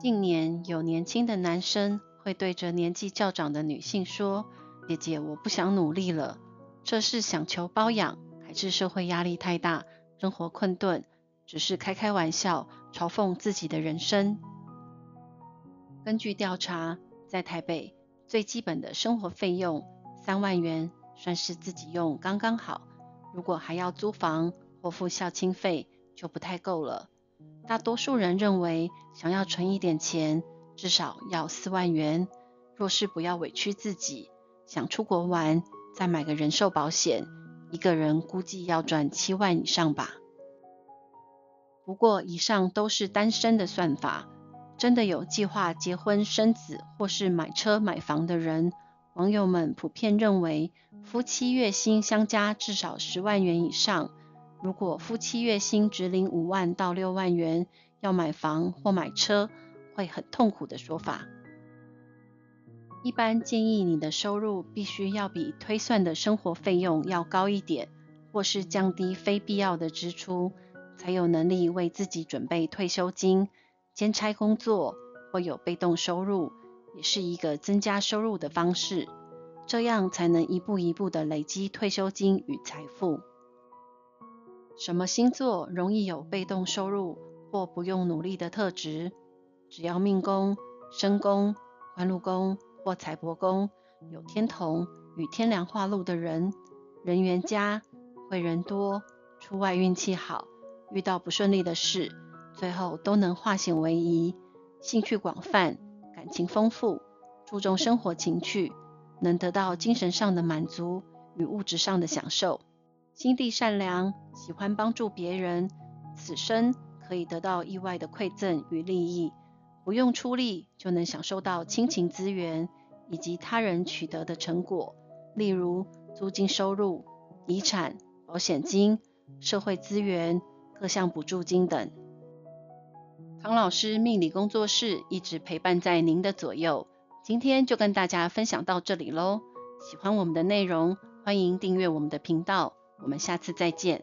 近年有年輕的男生會對着年紀較長的女性說：“姐姐，我不想努力了，這是想求包養，還是社會壓力太大，生活困頓？只是開開玩笑，嘲諷自己的人生。”根據調查，在台北最基本的生活費用三萬元算是自己用剛剛好，如果還要租房或付孝親費，就不太夠了。大多數人認為，想要存一點錢，至少要四萬元。若是不要委屈自己，想出國玩，再買個人壽保險，一個人估計要賺七萬以上吧。不過，以上都是單身的算法。真的有計劃結婚生子或是買車買房的人，網友們普遍認為，夫妻月薪相加至少十萬元以上。如果夫妻月薪只領五萬到六萬元，要買房或買車會很痛苦的說法。一般建議你的收入必須要比推算的生活費用要高一點，或是降低非必要的支出，才有能力為自己準備退休金。兼差工作或有被動收入，也是一個增加收入的方式，這樣才能一步一步的累積退休金與財富。什麼星座容易有被動收入或不用努力的特質？只要命宮、身宮、官祿宮或財帛宮有天同與天梁化祿的人，人緣佳，貴人多，出外運氣好，遇到不順利的事，最後都能化險為夷。興趣廣泛，感情豐富，注重生活情趣，能得到精神上的滿足與物質上的享受。心地善良，喜歡幫助別人，此生可以得到意外的饋贈與利益，不用出力就能享受到親情資源以及他人取得的成果，例如租金收入、遺產、保險金、社會資源、各項補助金等。唐老師命理工作室一直陪伴在您的左右，今天就跟大家分享到這裡嘍。喜歡我們的內容，歡迎訂閱我們的頻道。我們下次再見。